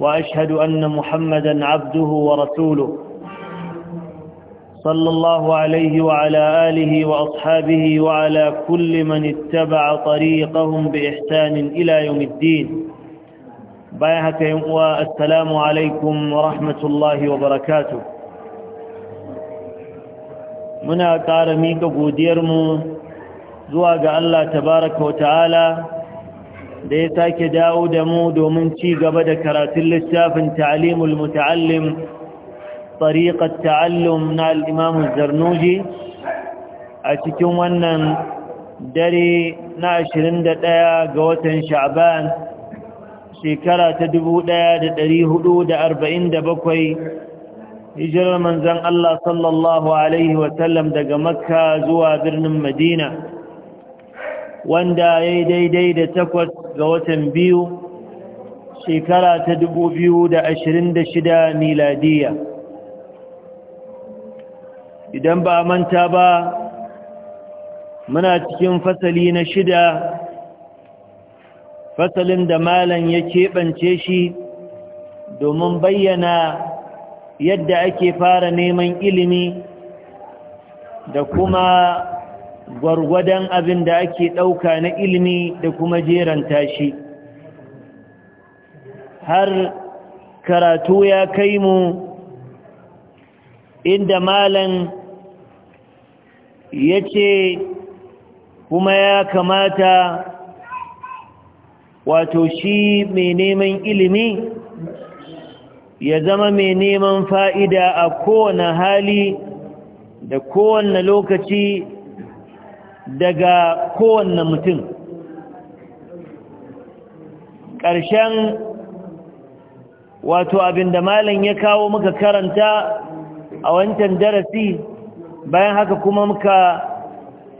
وأشهد أن محمدا عبده ورسوله صلى الله عليه وعلى آله وأصحابه وعلى كل من اتبع طريقهم بإحسان إلى يوم الدين بايهك والسلام عليكم ورحمة الله وبركاته منا قارميك قديرمو زواج الله تبارك وتعالى da ya sake dawo da mu domin ci gaba da karatun littafin ta'alimul muta'allim tariqat ta'allum na al-imam zarnuji a cikin wannan dare na 21 ga watan sha'ban shekara ta 1447 hijirar manzon Allah sallallahu alaihi wa sallam daga makka zuwa birnin madina wanda ya yi daidai da takwas ga watan biyu shekara ta dubu biyu da da shida miladiya idan ba manta ba muna cikin fasali na shida fasalin da malam ya keɓance shi domin bayyana yadda ake fara neman ilimi da kuma gwargwadon abin da ake ɗauka na ilimi da kuma jeranta shi har karatu ya kai mu inda malan ya ce kuma ya kamata wato shi mai neman ilimi ya zama mai neman fa'ida a kowane hali da kowane lokaci daga kowanne mutum ƙarshen wato abin da malam ya kawo muka karanta a wancan darasi bayan haka kuma muka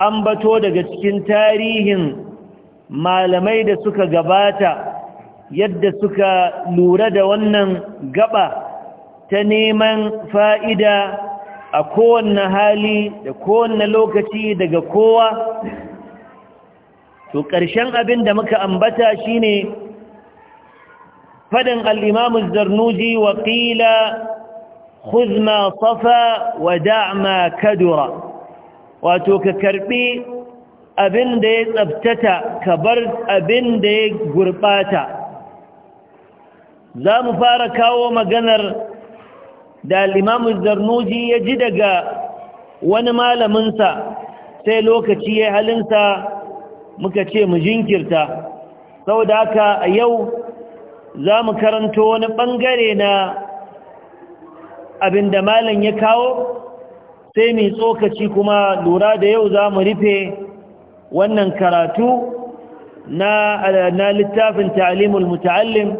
ambato daga cikin tarihin malamai da suka gabata yadda suka lura da wannan gaba ta neman fa'ida a kowanne hali da kowanne lokaci daga kowa to ƙarshen abin da muka ambata shine fadin al'imamu zarnuji wa ƙila khuzma safa wa kadura wato ka karɓi abin da ya tsabtata ka bar abin da ya gurɓata za mu fara kawo maganar da limamu zarnuji ya ji daga wani malaminsa sai lokaci ya halinsa muka ce mu jinkirta Sau da haka a yau za mu karanto wani ɓangare na abinda malam ya kawo sai mai tsokaci kuma lura da yau za mu rufe wannan karatu na littafin ta'alimul muta'allim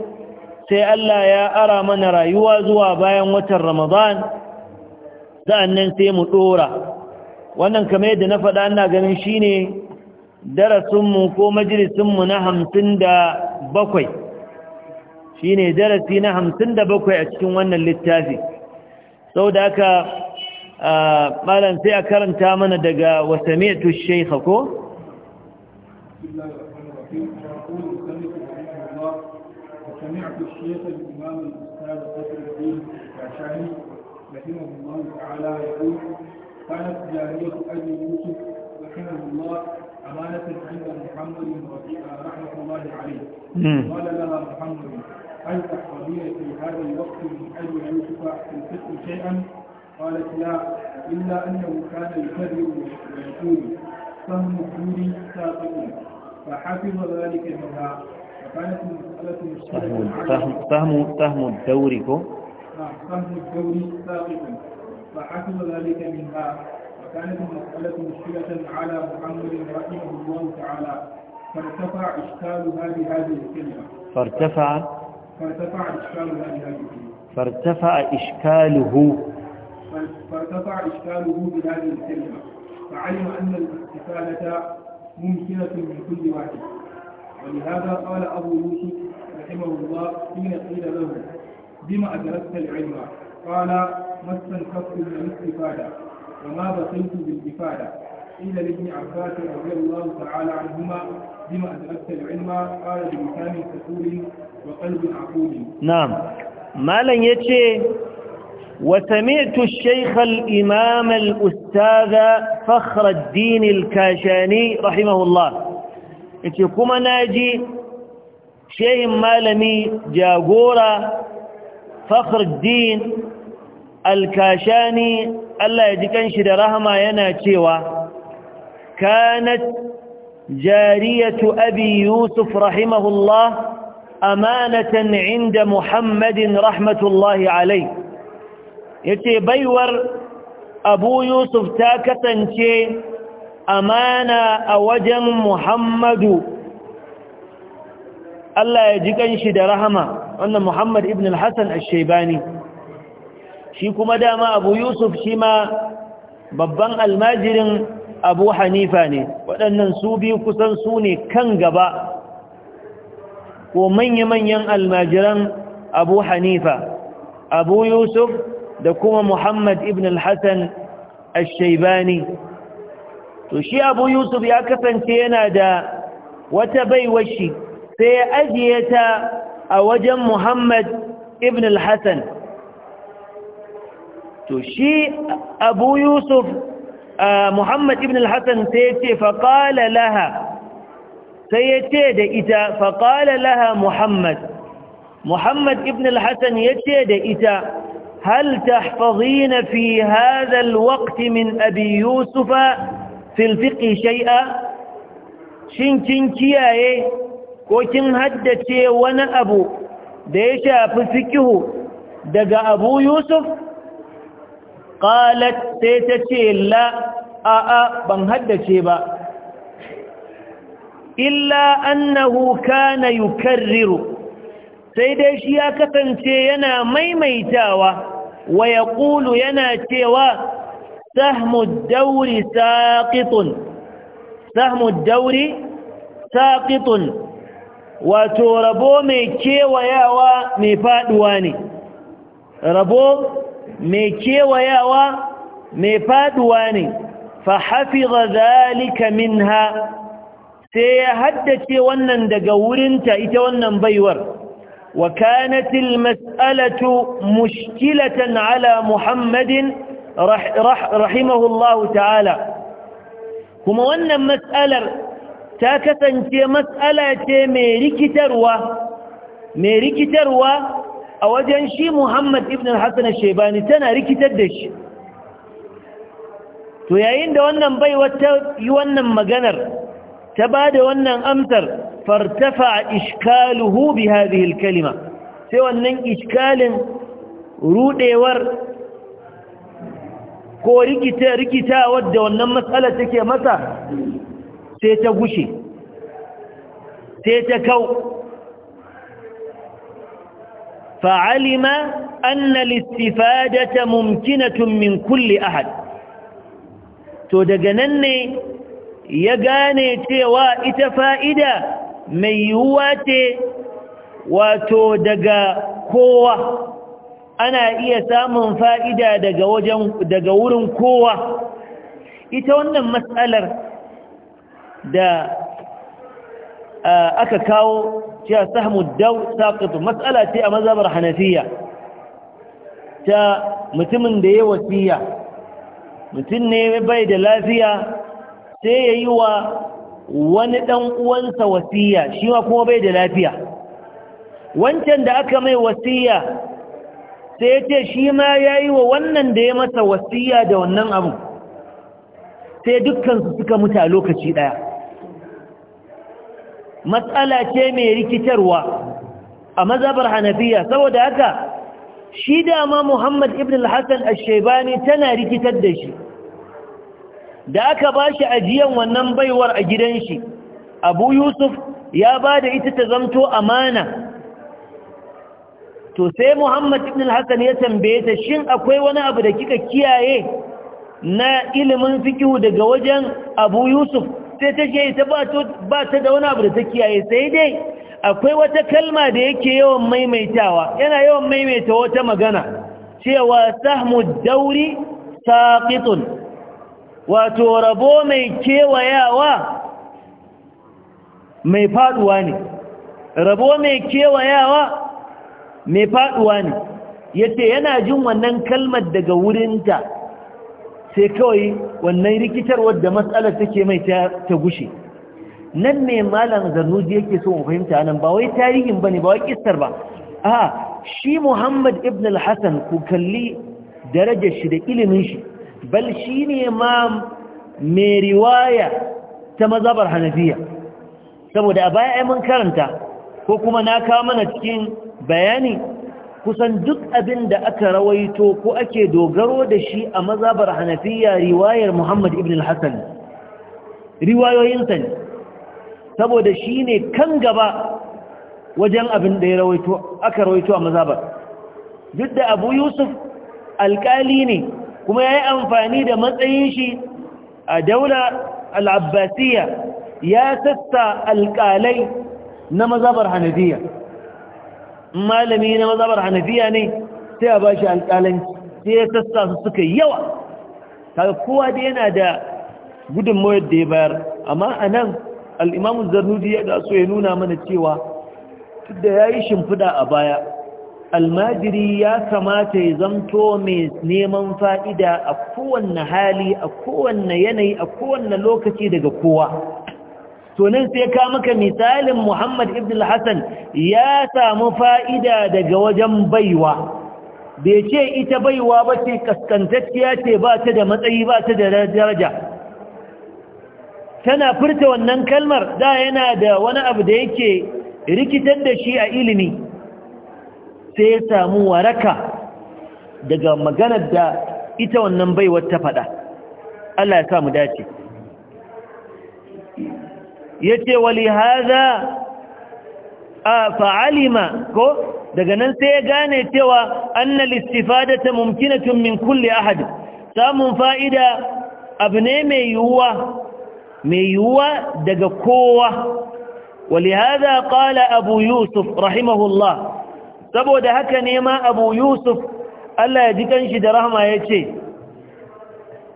sai Allah ya ara mana rayuwa zuwa bayan watan Ramadan sa'annan sai mu dora wannan kamar yadda na faɗa ina ganin shine darasinmu ko mu na hamsin da darasi na hamsin da a cikin wannan littafi sau da aka malam sai a karanta mana daga wasamitu shaykha ko? شيخ الإمام الأستاذ قصر الدين الشاشاني رحمه الله تعالى يقول كانت جارية أبي يوسف رحمه الله أمانة عند محمد آه، رحمة الله عليه قال لها محمد هل تحفظين في هذا الوقت من أبي يوسف في شيئا؟ قالت لا إلا أنه كان يكرر ويقول فهم حوري ساقط فحفظ ذلك منها فهم فهم فهم فهم الدور نعم فهم الدور ساقط فحسب ذلك منها وكانت المسألة مشكلة على محمد رحمه الله تعالى فارتفع إشكالها بهذه الكلمة فارتفع فارتفع إشكالها بهذه الكلمة فارتفع إشكاله فارتفع إشكاله بهذه الكلمة فعلم أن الاستفادة ممكنة من كل واحد ولهذا قال أبو يوسف رحمه الله حين قيل له بما أدركت العلم قال ما استنكفت من الاستفادة وما بقيت بالاستفادة قيل لابن عباس رضي الله تعالى عنهما بما أدركت العلم قال بلسان كسول وقلب عقول نعم ما لن يتشي وسمعت الشيخ الإمام الأستاذ فخر الدين الكاشاني رحمه الله yace kuma ji shehin malami jagora fakhruddin alkashani Allah ya ji kanshi da rahama yana cewa kanat jariyatu abi yusuf rahimahullah amanatan inda muhammadin rahmatullahi alai yace baiwar abu yusuf ta kasance amana a wajen muhammadu Allah ya ji kanshi da rahama wannan muhammad ibn al-hassan al-shaibani shi kuma dama abu yusuf shi ma babban almajirin abu hanifa ne waɗannan su biyu kusan su ne kan gaba ko manya-manyan almajiran abu hanifa abu yusuf da kuma muhammad ibn al-hassan al-shaibani to shi abu yusuf ya kasance yana da wata baiwar shi sai ya ajiye ta a wajen muhammad ibn al-hassan to shi abu yusuf muhammad ibn al-hassan sai ya ce faƙala laha sai ya ce da ita faƙala laha muhammad muhammad ibn al-hassan ya ce da ita هل تحفظين في هذا الوقت من أبي يوسف filfiƙi shai'a shin kin kiyaye ko kin haddace wani abu da ya shafi fikihu daga abu yusuf ƙalat sai ta ce la a'a ban haddace ba illa annahu kana yukarriru sai dai shi ya kasance yana maimaitawa wa ya yana cewa سهم الدور ساقط سهم wato rabo mai kewayawa mai faɗuwa ne rabo mai kewayawa mai faduwa ne fa hafiza zalika minha sai ya haddace wannan daga wurinta ita wannan baiwar wa kanat almas'alatu mushkilatan ala muhammadin rahimahullahu ta'ala kuma wannan matsalar ta kasance matsala ce mai rikitarwa mai rikitarwa a wajen shi Muhammad ibn Hassan Shebani tana rikitar da shi to yayin da wannan bai yi wannan maganar ta ba da wannan amsar fartafa ishkaluhu bi hadhihi kalima sai wannan iskalin rudewar ko rikita rikita wadda wannan matsalar take masa sai ta gushe sai ta kau فعلم أن الاستفادة mumkinatun min kulli ahad to daga nan ne ya gane cewa ita fa'ida mai yiwuwa ce wato daga kowa ana iya samun fa'ida daga wurin kowa ita wannan matsalar da aka kawo cewa sahmu daw saqitu matsala ce a mazhabar hanafiya ta mutumin da ya wasiya mutum ne bai da lafiya sai yayi wa wani dan uwansa wasiya shi ma kuma bai da lafiya wancan da aka mai wasiya sai ya ce shi ma ya yi wa wannan da ya masa wasiya da wannan abu sai dukkansu suka mutu a lokaci ɗaya matsala ce mai rikitarwa a mazabar hanafiya saboda haka shi dama muhammad ibn al-hassan al-shaibani tana rikitar da shi da aka ba shi ajiyan wannan baiwar a gidan shi abu yusuf ya ba da ita ta zamto amana to sai muhammad ibn al-hassan ya tambaye ta shin akwai wani abu da kika kiyaye na ilimin fikihu daga wajen abu yusuf sai ta ce ta ba ta da wani abu da ta kiyaye sai dai akwai wata kalma da yake yawan maimaitawa yana yawan maimaita wata magana cewa sahmu dauri saqitun wato rabo mai kewayawa mai faduwa ne rabo mai kewayawa mai faɗuwa ne yace yana jin wannan kalmar daga wurin ta sai kawai wannan rikitar wadda matsalar take mai ta gushe nan ne malam zarnuji yake so mu fahimta nan ba wai tarihin bane ba wai kissar ba a shi Muhammad ibn al-Hasan ku kalli darajar shi da ilimin shi bal shi ne ma mai riwaya ta mazhabar Hanafiya saboda a baya ai mun karanta ko kuma na kawo mana cikin bayani kusan duk abin da aka rawaito ko ake dogaro da shi a mazabar hanafiya riwayar muhammad ibn al-hassan riwayoyinsa ne saboda shi ne kan gaba wajen abin da aka rawaito a mazabar duk da abu yusuf alkali ne kuma ya yi amfani da matsayin shi a daula AlAbbasiya ya sassa alkalai na mazabar hanafiya malami na mazabar hanafiya ne sai a ba shi alƙalanci sai ya sassa su suka yawa kaga kowa da yana da gudunmawar da ya bayar amma a nan al'imamun zarnudi ya gaso ya nuna mana cewa da ya yi shimfiɗa a baya almajiri ya kamata ya zamto mai neman fa'ida a kowanne hali a kowanne yanayi a kowanne lokaci daga kowa to sai ka maka misalin Muhammad ibn al ya samu fa'ida daga wajen baiwa bai ce ita baiwa ba ce kaskantacciya ce ba ta da matsayi ba ta da daraja tana furta wannan kalmar da yana da wani abu da yake rikitar da shi a ilimi sai ya samu waraka daga maganar da ita wannan baiwar ta faɗa Allah ya sa mu dace Yace ce wali haza a fa’alima ko daga nan sai ya gane cewa anna listifada ta mumkinatun min kulle ahadu samun fa’ida abu ne mai yiwuwa mai yiwuwa daga kowa wali haza ƙala abu yusuf rahimahullah saboda haka nema abu yusuf Allah ya ji kanshi da rahma ya ce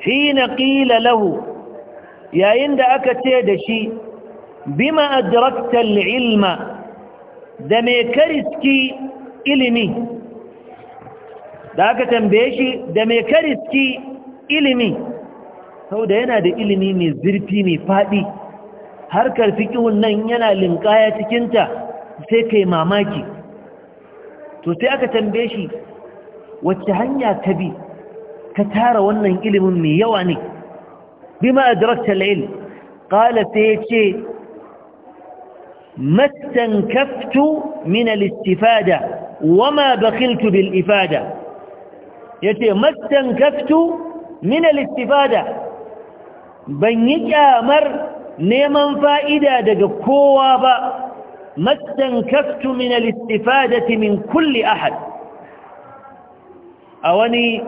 hina ƙila lahu yayin da aka ce da shi bima adrakta al da me kariski ilimi da aka tambaye shi da me kariski ilimi sau da yana da ilimi mai zurfi mai faɗi harkar fikihun nan yana linkaya cikinta sai kai mamaki to sai aka tambaye shi wacce hanya ta bi ka tara wannan ilimin mai yawa ne bima adrakta al-ilm sai ya ce ما استنكفت من الاستفادة وما بخلت بالإفادة يتي ما استنكفت من الاستفادة بنيك آمر نيما فائدة دقوا با ما استنكفت من الاستفادة من كل أحد أولي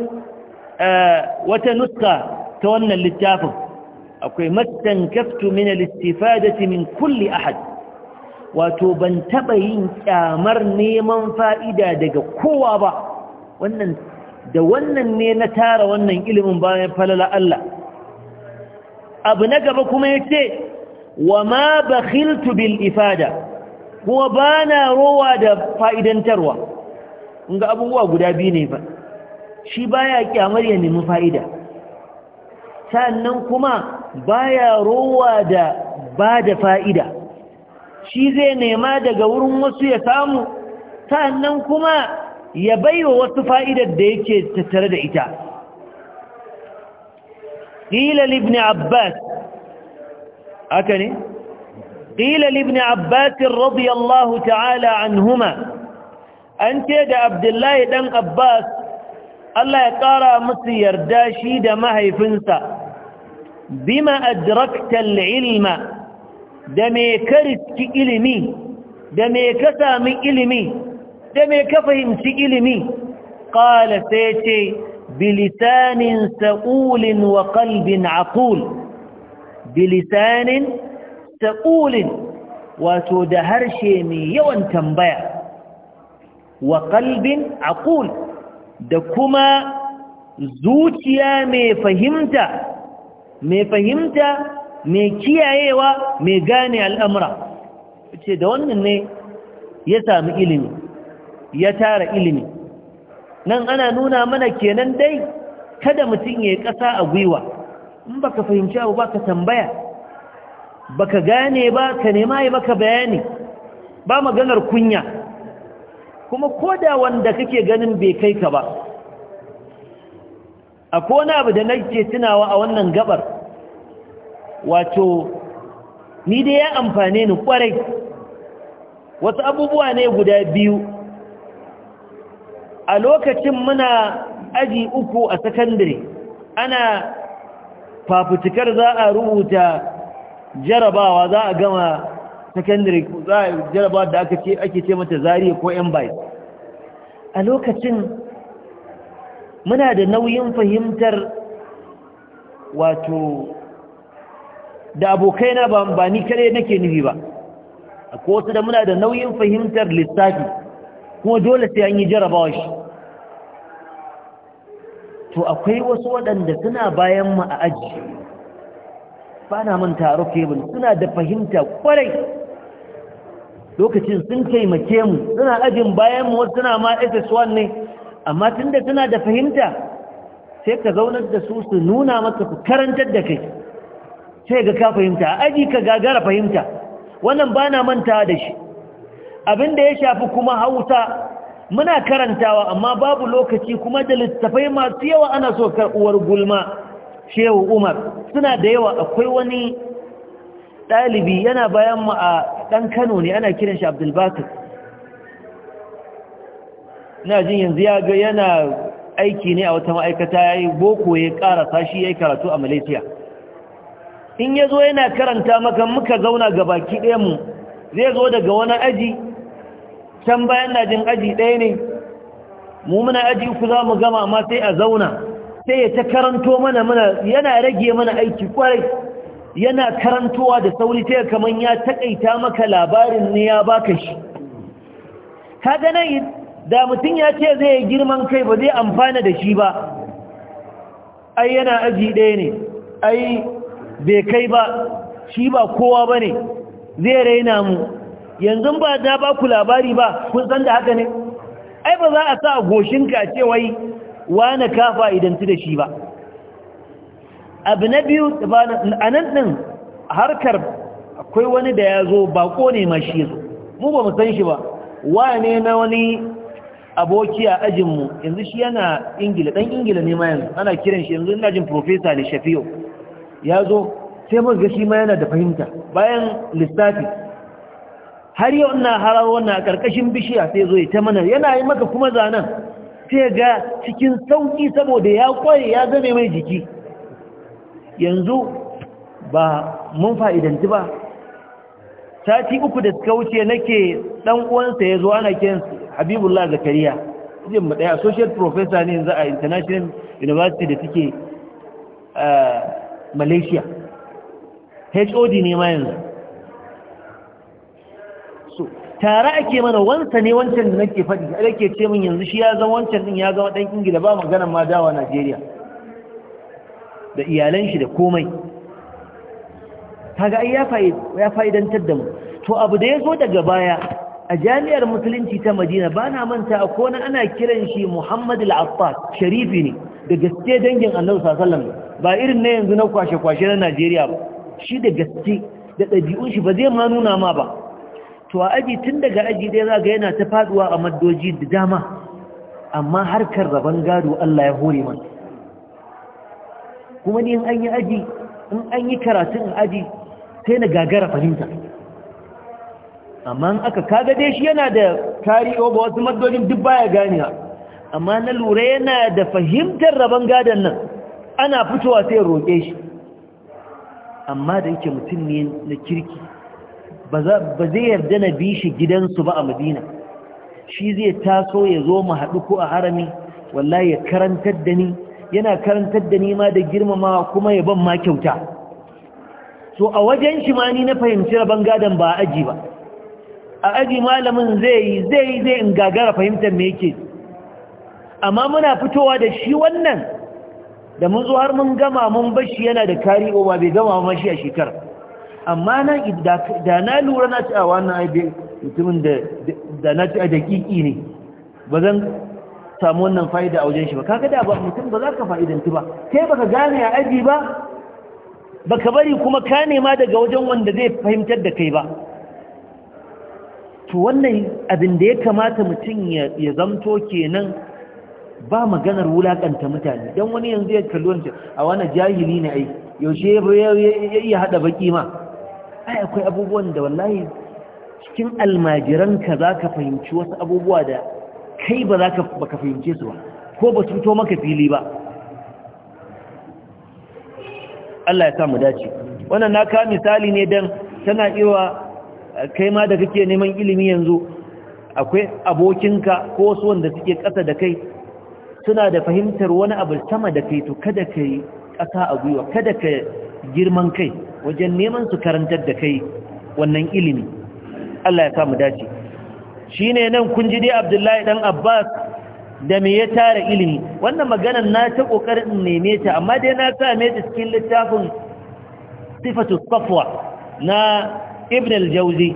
آه وتنسى تولى للتافه أوكي ما استنكفت من الاستفادة من كل أحد wato ban taɓa yin ƙyamar neman fa'ida daga kowa ba wannan da wannan ne na tara wannan ilimin bayan falala Allah abu na gaba kuma ya ce wa ma bakhiltu bil ifada kuma ba na rowa da fa'idantarwa ga abubuwa guda biyu ne ba shi baya kyamar ya nemi fa'ida sannan kuma baya rowa da ba da fa'ida shi zai nema daga wurin wasu ya samu sannan kuma ya baiwa wasu fa'idar da yake tattare da ita ƙila libni abbas ne ƙila libni abbasin radiyallahu ta'ala an huma an ce da abdullahi ɗan abbas Allah ya ƙara musu yarda shi da mahaifinsa bima adraktal ilma da me ka riski ilimi da me ka sami ilimi da me ka fahimci ilimi ƙala sai ce bilisanin sa'ulin wa qalbin aqul bilisanin sa'ulin wato da harshe mai yawan tambaya wa kalbin akul da kuma zuciya mai fahimta mai fahimta mai kiyayewa mai gane al'amura ce da wannan ne ya sami ilimi ya tara ilimi nan ana nuna mana kenan dai kada mutum ya yi ƙasa a gwiwa in baka fahimci abu baka tambaya baka gane ba ka nema ya maka bayani ba maganar kunya kuma koda wanda kake ganin bai kai ka ba a wani abu da nake tunawa a wannan gabar wato ni dai ya amfane ni kwarai wasu abubuwa ne guda biyu a lokacin muna aji uku a sakandare ana fafutukar za a rubuta jarabawa za a gama sakandare za a jarabawa da aka ce ake ce mata Zaria ko yan bai a lokacin muna da nauyin fahimtar wato da abokaina ba ni kare nake nufi ba akwai wasu da muna da nauyin fahimtar lissafi kuma dole sai an yi jarabawa shi to akwai wasu waɗanda suna bayan mu a aji ba na manta a rufebin suna da fahimta kwarai lokacin sun taimake mu suna ajin bayan mu wasu suna ma ss1 ne amma tun da suna da fahimta sai ka zaunar da su su nuna maka su karantar da kai sai ga ka fahimta a aji ka gagara fahimta wannan ba na manta da shi abin da ya shafi kuma hausa muna karantawa amma babu lokaci kuma da littafai masu yawa ana so karɓuwar gulma shehu umar suna da yawa akwai wani ɗalibi yana bayan mu a ɗan kano ne ana kiran shi abdulbakar na jin yanzu ya ga yana aiki ne a wata ma'aikata ya yi boko ya ƙarasa shi ya yi karatu a malaysia in ya zo yana karanta maka muka zauna ga baki mu zai zo daga wani aji can bayan na jin aji ɗaya ne mu muna aji ku za mu gama ma sai a zauna sai ya ta karanto mana mana yana rage mana aiki kwarai yana karantowa da sauri ta kamar ya takaita maka labarin ne ya baka shi kaga nan da mutum ya ce zai girman kai ba zai amfana da shi ba ai yana aji ɗaya ne ai bai kai ba shi ba kowa ba ne zai raina mu yanzu ba na ba ku labari ba kun san da haka ne ai ba za a sa goshinka ce wai wani kafa idanci da shi ba abu na biyu a nan ɗin harkar akwai wani da ya zo bako ne ma shi zo mu ba mu san shi ba wane na wani aboki a ajinmu yanzu shi yana ingila ɗan ingila ne ma yanzu ana kiran shi yanzu ina jin profesa ne shafiyo ya zo sai mun ga shi ma yana da fahimta bayan lissafi har yau ina harar wannan a karkashin bishiya sai zo ya ta mana yana yi maka kuma zanen sai ga cikin sauƙi saboda ya kware ya zame mai jiki yanzu ba mun fa'idanci ba sati uku da suka wuce nake dan uwansa ya zo ana kiransa habibullah zakariya Zai mu daya associate professor ne yanzu a international university da take malaysia hod ne ma yanzu so tare ake mana wansa ne wancan da nake faɗi a ke ce min yanzu shi ya zama wancan ɗin ya zama ɗan ingila ba maganan ma dawa najeriya da iyalan shi da komai kaga ai ya fa'idantar da mu to abu da ya zo daga baya a jami'ar musulunci ta madina ba na manta a kona ana kiran shi muhammad al-abbas sharifi ne da gaske dangin annabi sallallahu alaihi wasallam ba irin na yanzu na kwashe-kwashe na Najeriya ba shi da gaske da ɗabi'un shi ba zai ma nuna ma ba to a aji tun daga aji ɗaya za ga yana ta faɗuwa a maddoji da dama amma harkar rabon gado Allah ya hore man kuma ni in an yi aji in an yi karatun aji sai na gagara fahimta amma in aka kaga dai shi yana da tarihi oh, ba wasu maddojin duk baya ganiya amma na lura yana da fahimtar rabon gadon nan ana fitowa sai roƙe shi amma da yake mutum ne na kirki ba zai yarda na bi shi gidansu ba a madina shi zai taso ya zo mu haɗu ko a harami wallahi ya karantar da ni yana karantar da ni ma da girmamawa kuma ya ban ma kyauta so a wajen shi ma ni na fahimci rabon gadon ba a aji ba a aji malamin zai zai zai in gagara fahimtar me yake amma muna fitowa da shi wannan da mun zo har mun gama mun bashi yana da kari ba bai gama mashi a shekar amma nan da na lura na ci a wannan aibe mutumin da na ci a daƙiƙi ne ba zan samu wannan fa'ida a wajen shi ba kaga da ba mutum ba za ka fa'idanci ba kai baka gane a aji ba baka bari kuma ka nema daga wajen wanda zai fahimtar da kai ba to wannan abin da ya kamata mutum ya zamto kenan ba maganar wulakanta mutane don wani yanzu ya kalli wancan a wani jahili ne ai yaushe ya iya haɗa baki ma ai akwai abubuwan da wallahi cikin almajiranka za ka fahimci wasu abubuwa da kai ba za ka fahimce su ba ko ba su fito maka fili ba Allah ya sa mu dace wannan na ka misali ne dan tana iwa kai ma da kake neman ilimi yanzu akwai abokinka ko wasu wanda suke ƙasa da kai suna da fahimtar wani abu sama da kai to kada ka yi ƙasa a gwiwa kada ka girman kai wajen neman su karantar da kai wannan ilimi Allah ya sa mu dace shine nan kun ji dai Abdullahi dan Abbas da me ya tara ilimi wannan maganar na ta ƙoƙarin neme ta amma dai na same ta cikin littafin sifatu safwa na Ibn al-Jawzi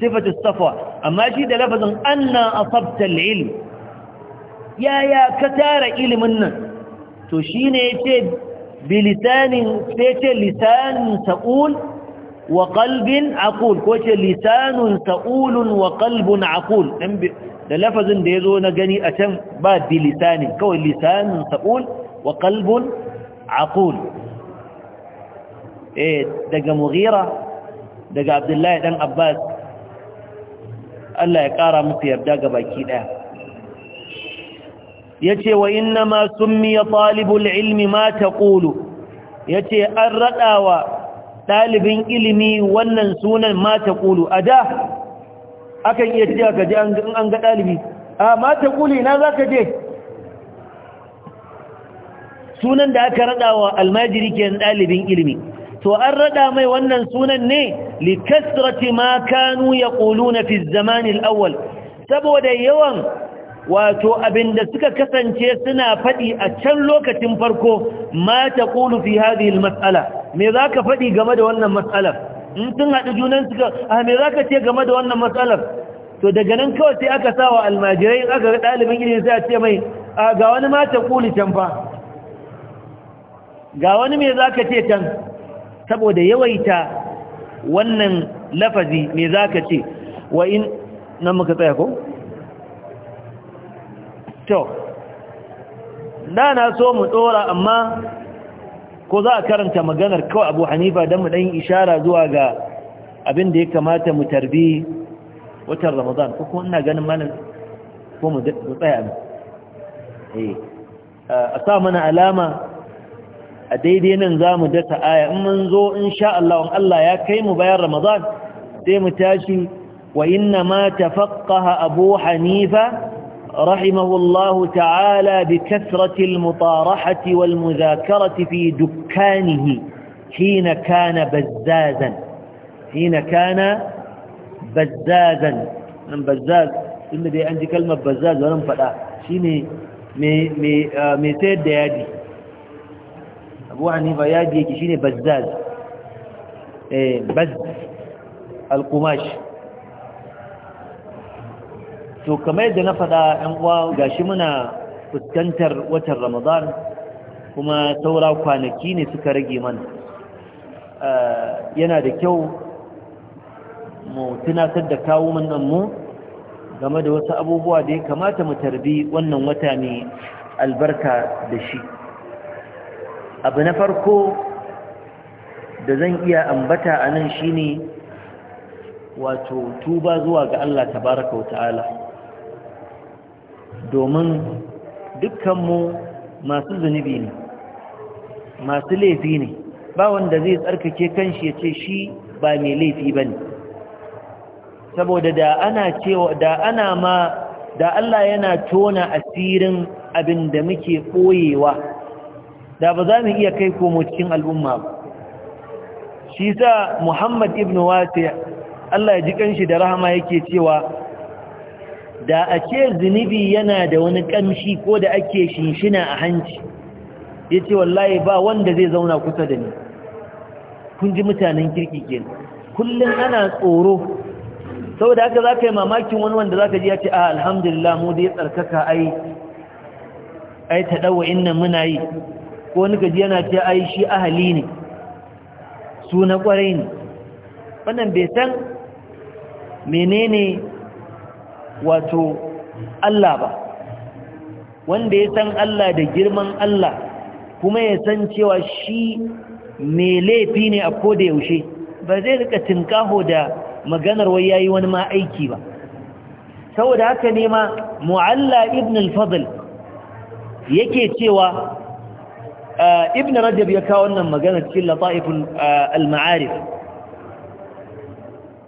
sifatu safwa amma shi da lafazin anna asabta al-ilm yaya ka tara ilimin nan to shine yace bilisanin sai ce lisanun saqul wa kalbin aqul ko ce lisanun wa kalbin aqul da lafazin da zo na gani a can ba bilisanin kawai lisanun saqul wa kalbin aqul eh daga mughira daga abdullahi dan abbas Allah ya kara musu yarda ga baki daya Ya ce wa inna ma summiya talibul ilmi ma Ya ce an radawa ɗalibin ilimi wannan sunan ma A da akan iya cewa kaje an ga dalibi a ma taqulu ina ka je sunan da aka radawa almajiri kenan ɗalibin ilimi to an raɗa mai wannan sunan ne li kasrati ma kanu ya fi na zaman al-awwal saboda yawan wato abinda suka kasance suna faɗi a can lokacin farko ma ta ƙulu fi hadhihi mas'ala me za ka faɗi game da wannan mas'alar in sun haɗu junan suka a ah, me za ka ce game da wannan mas'alar to daga nan kawai sai aka sa wa almajirai aka ga ɗalibin ilimi sai a ce mai A ga wani ma ta ƙuli can fa ga wani me za ka ce can saboda yawaita wannan lafazi me za ka ce wa in nan muka tsaya ko to da na so mu dora amma ko za a karanta maganar kawai abu hanifa don mu ɗan ishara zuwa ga abin da ya kamata mu tarbi watan ramadan ko kuma ina ganin mana ko mu tsaya mu eh, a sa mana alama a daidai nan za mu dasa aya in mun zo in sha Allah Allah ya kai mu bayan ramadan sai mu tashi wa inna ma tafaqaha abu hanifa رحمه الله تعالى بكثرة المطارحة والمذاكرة في دكانه حين كان بزازا حين كان بزازا من بزاز ثم دي عندي كلمة بزاز ولم فلا شيني مي مي آه، أبو حنيفة يادي شيني بزاز إيه، بز القماش to kamar yadda na faɗa ‘yan uwa gashi muna fuskantar watan ramadan kuma saura kwanaki ne suka rage mana eh, yana da kyau mu tunatar da kawo manan mu game da wasu abubuwa da ya kamata mu tarbi wannan wata ne albarka da shi abu na farko da zan iya ambata a nan ne, wato tuba zuwa ga Allah tabaraka wa ta'ala domin dukkanmu masu zunubi ne masu laifi ne ba wanda zai tsarkake kanshi ya ce shi ba mai laifi ba ne saboda da ana cewa da ana ma da Allah yana tona asirin abin da muke ɓoyewa da ba za mu iya kai komo cikin al'umma ba shi sa muhammad ibn wasi Allah ya ji kanshi da rahama yake cewa da a ce zunubi yana da wani kamshi ko da ake shinshina a hanci ya ce wallahi ba wanda zai zauna kusa da ni kun ji mutanen kirki ke kullum ana tsoro saboda haka za ka yi mamakin wani wanda za ka ji ya ce a ah, alhamdulillah mu da ya tsarkaka ai ai ta inna muna yi ko wani gaji yana ce ai shi ahali ne su na ƙwarai ne wannan bai san menene wato Allah ba wanda ya san Allah da girman Allah kuma ya san cewa shi mai laifi ne a koda yaushe ba zai rika tinkaho da maganar wai yayi wani ma aiki ba saboda haka ne ma mu'alla ibn al-fadl yake cewa uh, ibn rajab ya kawo wannan maganar cikin lata'iful uh, al-ma'arif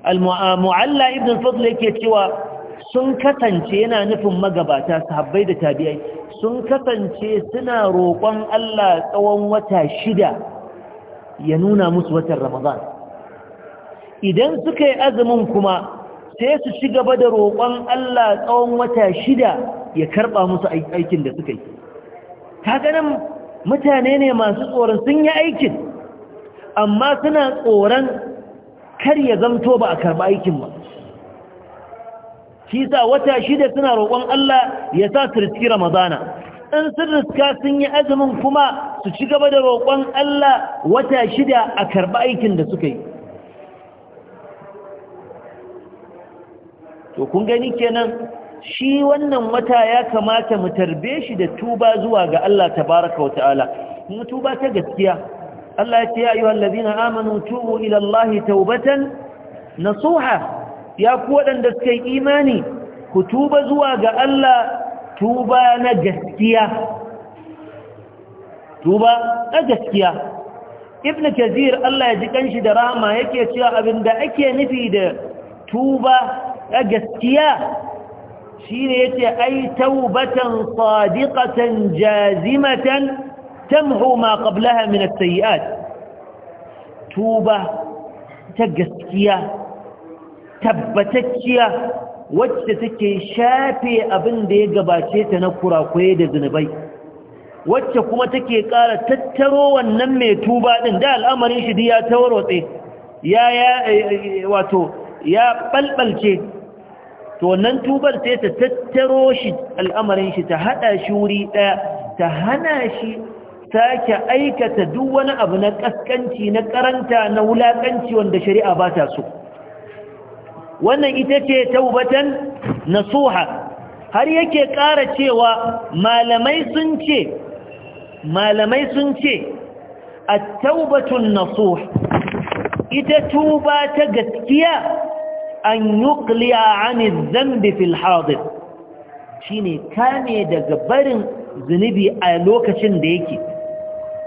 al-mu'alla uh, ibn al-fadl yake cewa sun kasance yana nufin magabata sahabbai da tabi'ai sun kasance suna roƙon Allah tsawon wata shida ya nuna musu watan Ramadan idan suka yi azumin kuma sai su ci gaba da roƙon Allah tsawon wata shida ya karɓa musu aikin da suka yi ta ganin mutane ne masu tsoron sun yi aikin amma suna tsoron kar ya zamto ba a karɓa aikin ba shi sa wata shida suna roƙon Allah ya sa su riski ramadana in sun riska sun yi azumin kuma su ci gaba da roƙon Allah wata shida a karɓi aikin da suka yi to kun gani kenan shi wannan wata ya kamata mu tarbe shi da tuba zuwa ga Allah tabaraka wa mu tuba ta gaskiya Allah ya ce ya ayyuhal ladina amanu tubu ilallahi taubatan tawbatan nasuha ya ku waɗanda suka yi imani ku tuba zuwa ga Allah tuba na gaskiya tuba na gaskiya ibn kazir Allah ya ji kanshi da rahama yake cewa abinda ake nufi da tuba na gaskiya shine yace ai taubatan sadiqatan jazimatan tamhu ma qablaha min as-sayyi'at tuba ta gaskiya tabbatacciya wacce take shafe abin da ya gabace ta na kurakuye da zunubai wacce kuma take ƙara tattaro wannan mai tuba ɗin da al'amarin shi ya tawarwatse ya ya eh, eh, wato ya ɓalɓalce to wannan tubar sai ta tattaro shi al'amarin shi ta haɗa shi wuri ɗaya ta hana shi sake aikata duk wani abu na ƙasƙanci na ƙaranta na wulaƙanci wanda shari'a ba ta so wannan ita ce taubatan nasuha har yake ƙara cewa malamai sun ce malamai sun ce taubatun nasuh ita tuba ta gaskiya an yuqliya 'ani dhanbi fil hadir shine kame daga barin zunubi a lokacin da yake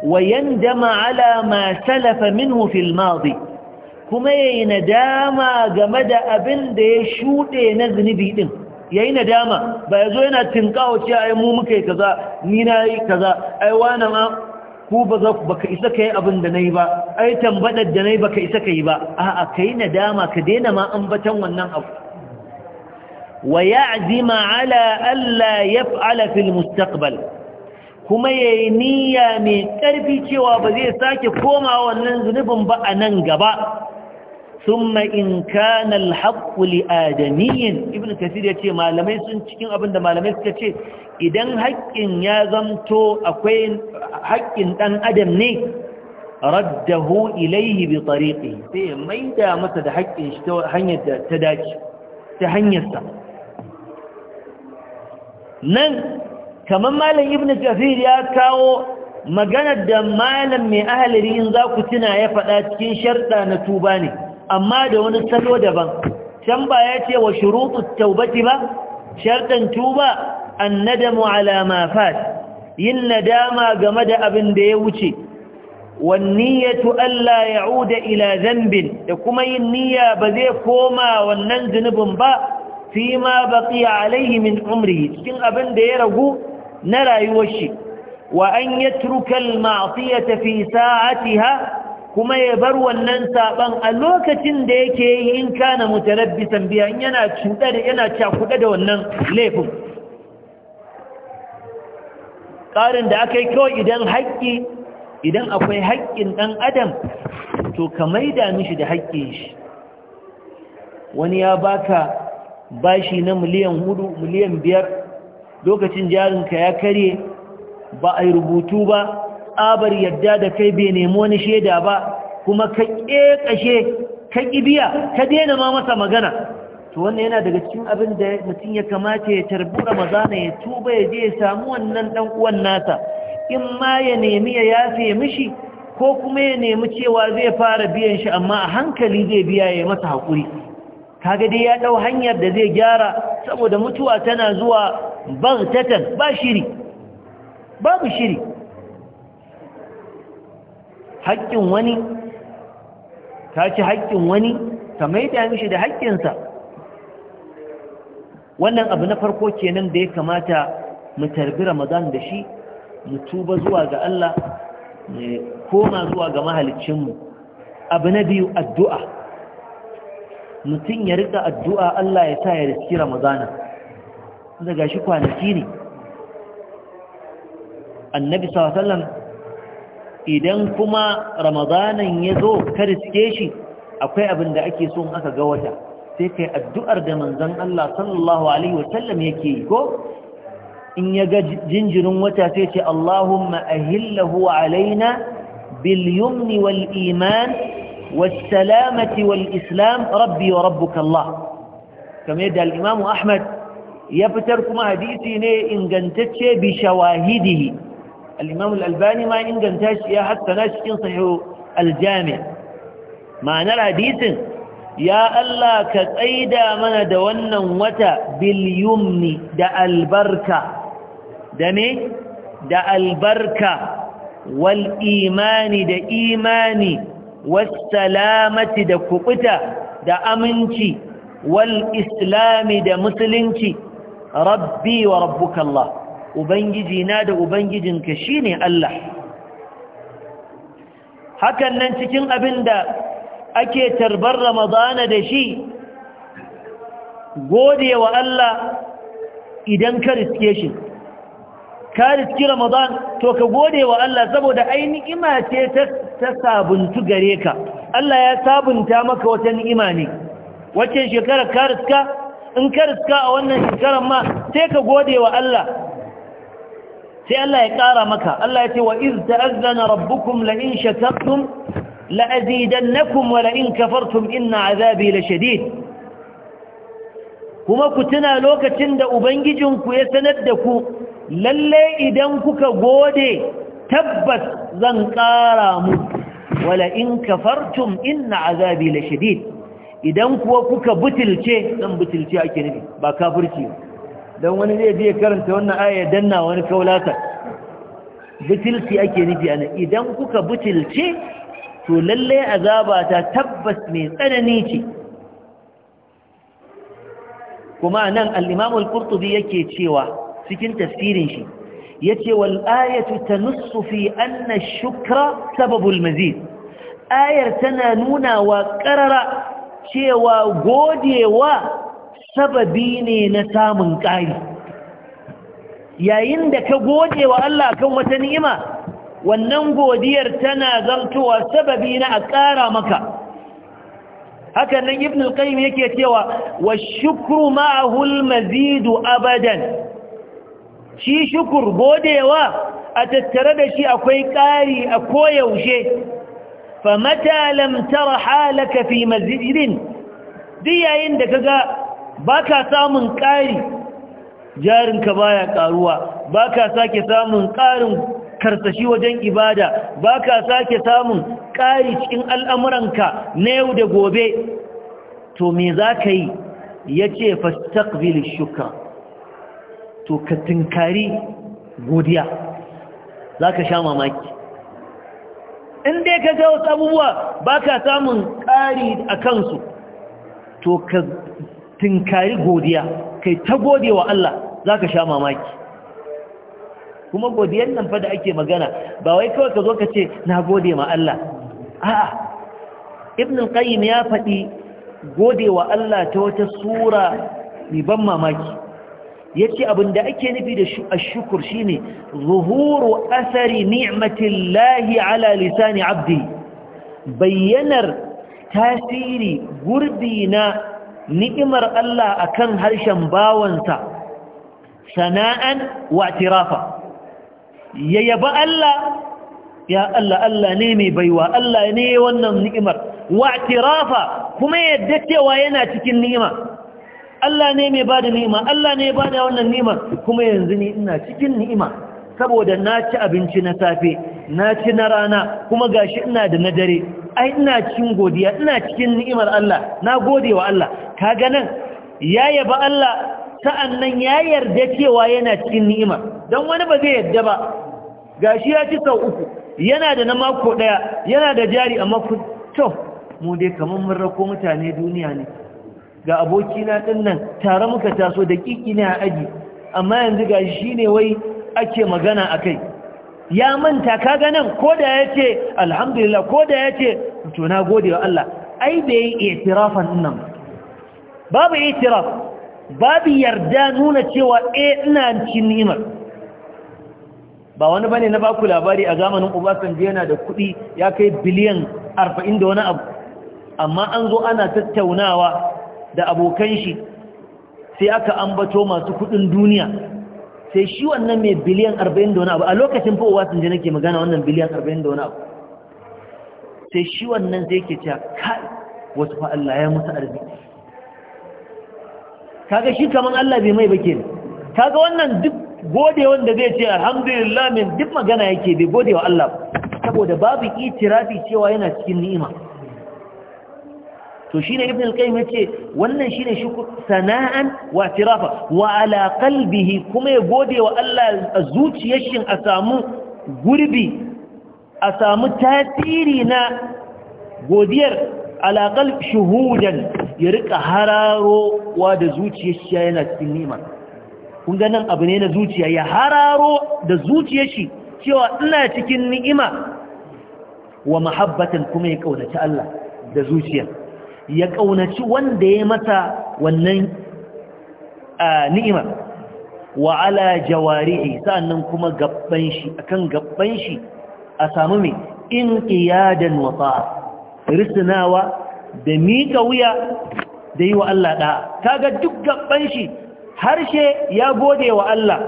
wa yandama ala ma salafa minhu fil madi kuma yayi nadama game da abin da ya shuɗe na zunubi din yayi nadama ba ya zo yana tinkawo cewa ai mu muka yi kaza ni na yi kaza ai wannan ku ba za baka isa kai abin da nayi ba ai tambadar da nayi baka isa kai ba a'a kai nadama ka daina ma an batan wannan abu wa ya'zima ala alla yaf'ala fil mustaqbal kuma ya yi niyya mai ƙarfi cewa ba zai sake komawa wannan zunubin ba a nan gaba ثم إن كان الحق لآدمي ابن كثير يتي ما لم يسن cikin abinda malamai suka ce idan haƙƙin ya zanto akwai haƙƙin dan adam ne raddahu ilayhi bi tariqi sai maida masa da haƙƙin shi ta hanyar ta dace ta hanyar nan kamar malam ibn kathir ya kawo maganar da malam mai ahalari in za ku tuna ya faɗa cikin sharɗa na tuba ne amma da wani salo daban can ba ya ce wa shuruɗu taubati ba sharɗan tuba an nadamu ala fat yin nadama game da abin da ya wuce wanniyatu Allah ya'uda ila zambin da kuma yin niyya ba zai koma wannan zunubin ba fi ma baqiya alaihi min umri cikin abin da ya ragu na rayuwar shi wa an yatruka al-ma'siyata fi sa'atiha kuma ya bar wannan saban a lokacin da yake yi in kana mutarabbisan biya in yana cuɗa da yana cakuɗa da wannan laifin ƙarin da aka yi kawai idan haƙƙi idan akwai haƙƙin ɗan adam to ka maida mishi da haƙƙin shi wani ya baka bashi na miliyan hudu miliyan biyar lokacin jarinka ya karye ba a yi rubutu ba tsabar yadda da kai bai nemi wani shaida ba kuma ka ƙeƙashe ka ƙibiya ka daina ma masa magana to wannan yana daga cikin abin da mutum ya kamata ya tarbi ramazana ya tuba ya je ya samu wannan dan uwan nasa in ma ya nemi ya yafe mishi ko kuma ya nemi cewa zai fara biyan shi amma a hankali zai biya ya masa haƙuri kaga dai ya ɗau hanyar da zai gyara saboda mutuwa tana zuwa bagtatan ba shiri babu shiri haƙƙin wani ta ci haƙƙin wani ka maida mishi da haƙƙinsa wannan abu na farko kenan da ya kamata mu tarbi ramadan da shi mu tuba zuwa ga Allah mu koma zuwa ga mahaliccinmu abu na biyu addu'a mutum ya rika addu'a Allah ya sa ya riski ramadana daga shi kwanaki ne annabi sallallahu alaihi wasallam idan kuma ramadanan ya zo ka shi akwai abin da ake so aka ga wata sai kai addu'ar da manzon Allah sallallahu alaihi wasallam yake yi ko in ya ga jinjirin wata sai ce Allahumma ahillahu alaina bil yumni wal iman والسلامة والإسلام ربي وربك الله ya fitar kuma hadisi ne حديثي ingantacce bi shawahidihi al albani ma inganta shi ya hassana cikin sahihu al-jami' ma'anar hadisin ya Allah ka tsaida mana da wannan wata bilyumni da albarka da ne da albarka wal imani da imani was salamati da kubuta da aminci wal islami da musulunci rabbi wa rabbuka Allah ubangiji na da ubangijinka ne Allah hakan nan cikin abin da ake tarbar ramadana da shi gode wa Allah idan ka riske shi ka riski ramadan to ka gode wa Allah saboda ai ce ta sabuntu gare ka Allah ya sabunta maka wata ni'ima ne wacce shekarar ka riska in ka riska a wannan shekarar ma sai ka gode wa Allah sai Allah ya ƙara maka Allah ya ce wa iz ta'azzana rabbukum la'in in shakartum la wa la in kafartum inna azabi lashadid kuma ku tuna lokacin da ubangijinku ya sanar da ku lalle idan kuka gode tabbas zan ƙara mu wala in kafartum inna azabi lashadid idan kuwa kuka butulce zan butulce ake nufi ba kafirci ba don wani zai je karanta wannan aya danna wani kaulata bitilci ake nufi ana idan kuka bitilce to lallai azaba ta tabbas mai tsanani ce kuma nan al-Imam yake cewa cikin tafsirin shi yace wal'ayatu ta tanussu fi anna shukra sababul mazid ayar tana nuna wa ƙarara cewa godewa sababi ne na samun ƙari yayin da ka gode wa Allah kan wata ni'ima wannan godiyar tana zantowa sababi na a ƙara maka haka nan ibn al-qayyim yake cewa wa shukru ma'ahu al-mazidu abadan shi shukur godewa a tattare da shi akwai ƙari a koyaushe fa mata lam tara halaka fi mazidin duk yayin da kaga ba ka samun ƙari jarinka baya ƙaruwa ba ka sake samun ƙarin karsashi wajen ibada ba ka sake samun ƙari cikin al'amuranka na yau da gobe to me za ka yi ya ce fastaqbil shukra to ka tinkari godiya za ka sha mamaki in dai ka ga wasu abubuwa ba ka samun ƙari a kansu to ka tinkari godiya kai ta gode wa Allah za ka sha mamaki kuma godiyar nan fa da ake magana ba wai kawai ka zo ka ce na gode ma Allah a'a ibn qayyim ya faɗi gode wa Allah ta wata sura mai ban mamaki yace abin da ake nufi da shukur shine zuhuru athari ni'matillahi ala lisani abdi bayyanar tasiri gurbi na ni'imar Allah akan harshen bawansa sana'an wa ya yaba Allah ya Allah Allah ne mai baiwa Allah ne wannan ni'imar wa kuma yadda cewa yana cikin ni'ima Allah ne mai bada ni'ima Allah ne bada wannan ni'ima kuma yanzu ni ina cikin ni'ima saboda na ci abinci na safe na ci na rana kuma gashi ina da na dare ai ina cikin godiya ina cikin ni'imar Allah na gode wa Allah kaga nan ya yaba Allah sa'annan ya yarda cewa yana cikin ni'ima dan wani ba zai yarda ba gashi ya ci sau uku yana da na mako daya yana da jari amma ku to mu dai kamar mun rako mutane duniya ne ga abokina din nan tare muka taso da kiki ne a aji amma yanzu gashi shine wai ake magana akai ya manta kaga nan ko da ya ce alhamdulillah ko da ya ce to na gode wa Allah ai bai yi itirafan nan babu itiraf babu yarda nuna cewa eh ina cin ni'imar ba wani bane na baku labari a zamanin Obasanjo yana da kuɗi ya kai biliyan 40 da wani abu amma an zo ana tattaunawa da abokan shi sai aka ambato masu kuɗin duniya sai shi wannan mai biliyan 40 da wani abu a lokacin fa uwa da je nake magana wannan biliyan 40 da wani abu sai shi wannan zai ke cewa kai wasu fa Allah ya musu arziki kaga shi kaman Allah bai mai bakin kaga wannan duk gode da zai ce alhamdulillah min duk magana yake bai wa Allah saboda babu itirafi cewa yana cikin ni'ima to shine ibn al-qayyim yace wannan shine shukr sana'an wa tirafa wa ala qalbihi kuma ya gode wa Allah a zuciyar a samu gurbi a samu tasiri na godiyar ala qalb shuhudan ya rika hararowa da zuciyar shi yana cikin nima kun ga nan abu ne na zuciya ya hararo da zuciyar shi cewa ina cikin ni'ima wa mahabbatan kuma ya kaunaci Allah da zuciya ya kaunaci wanda ya mata wannan ni'imar wa ala jawari'i sannan kuma gabban shi akan gabban shi a samu mai in qiyadan wa risnawa da mika wuya da yi wa Allah da'a kaga duk gabban shi harshe ya gode wa Allah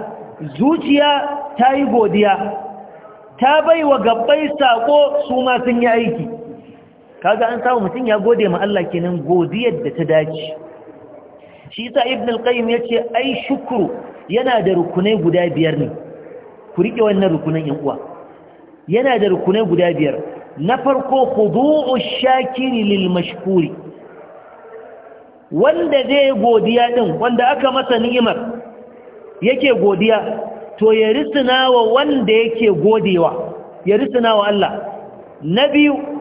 zuciya ta yi godiya ta bai wa gabbai sako su ma sun yi aiki kaga an samu mutum ya gode ma Allah kenan godiyar da ta dace shi ta ibn al-qayyim yace ai shukru yana da rukunai guda biyar ne ku rike wannan rukunan yan uwa yana da rukunai guda biyar na farko khudu'u shakiri lil mashkuri wanda zai godiya din wanda aka masa ni'imar yake godiya to ya risna wa wanda yake godewa ya risna wa Allah na biyu